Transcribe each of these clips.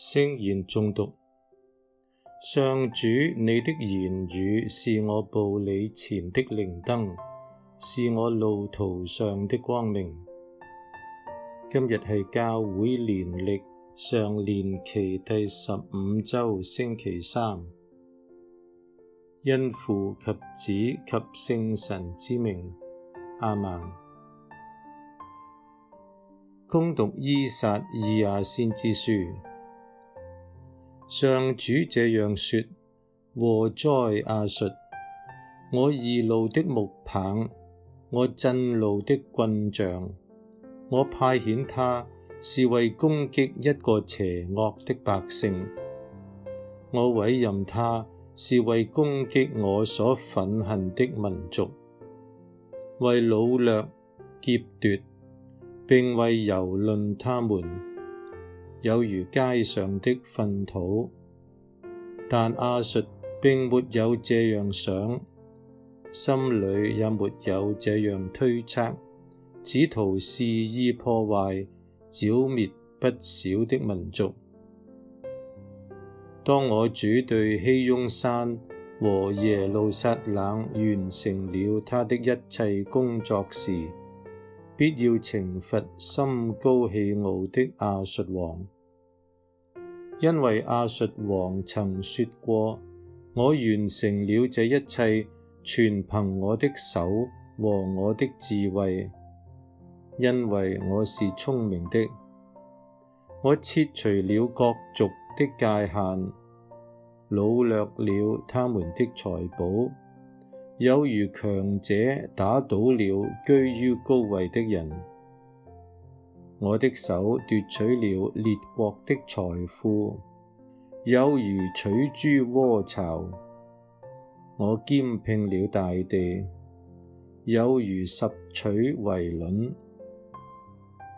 聖言誦讀。上主，你的言語是我步你前的靈燈，是我路途上的光明。今日係教會年曆常年期第十五周星期三，因父及子及聖神之名，阿門。恭讀《依撒意亞先之書》。上主這樣說：禍哉，亞述！我義怒的木棒，我震怒的棍杖！我派遣他是為攻擊一個邪惡的百姓，我委任他是為攻擊我所憤恨的民族，為擄掠、劫奪，並為蹂躪他們，有如街上的糞土，但亞述並沒有這樣想，心裏也沒有這樣推測，只圖肆意破壞，剿滅不少的民族。當我主對熙雍山和耶路撒冷完成了他的一切工作時，必要懲罰心高氣傲的亞述王，因為亞述王曾說過：我完成了這一切，全憑我的手和我的智慧，因為我是聰明的。我撤除了各族的界限，擄掠了他們的財寶。有如強者打倒了居於高位的人，我的手奪取了列國的財富，有如取諸窩巢；我兼併了大地，有如拾取遺卵，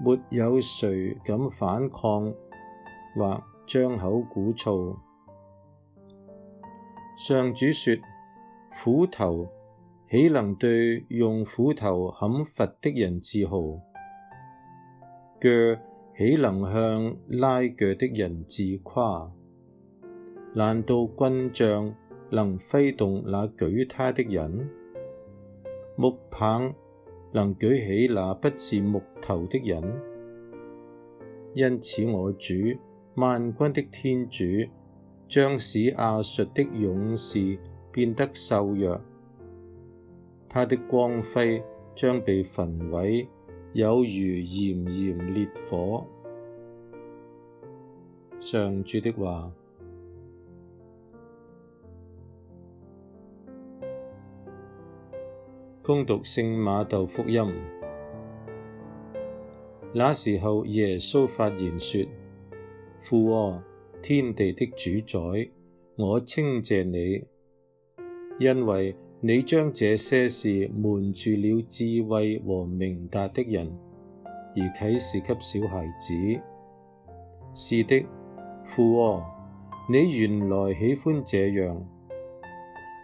沒有誰敢反抗或張口鼓噪。上主說。斧頭豈能對用斧頭砍伐的人自豪？鋸豈能向拉鋸的人自誇？難道棍杖能揮動那舉它的人？木棒能舉起那不是木頭的人？因此，我主萬軍的天主，將使亞述的勇士。變得瘦弱，他的光輝將被焚毀，有如炎炎烈火。上主的話。恭讀聖瑪竇福音。那時候，耶穌發言說：父啊，天地的主宰，我稱謝你。因為你將這些事瞞住了智慧和明達的人，而啟示給小孩子。是的，父啊，你原來喜歡這樣。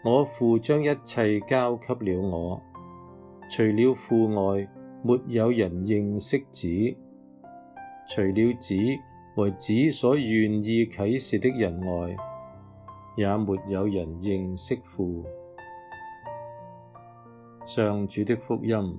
我父將一切交給了我，除了父外，沒有人認識子；除了子和子所願意啟示的人外。也沒有人認識父。上主的福音。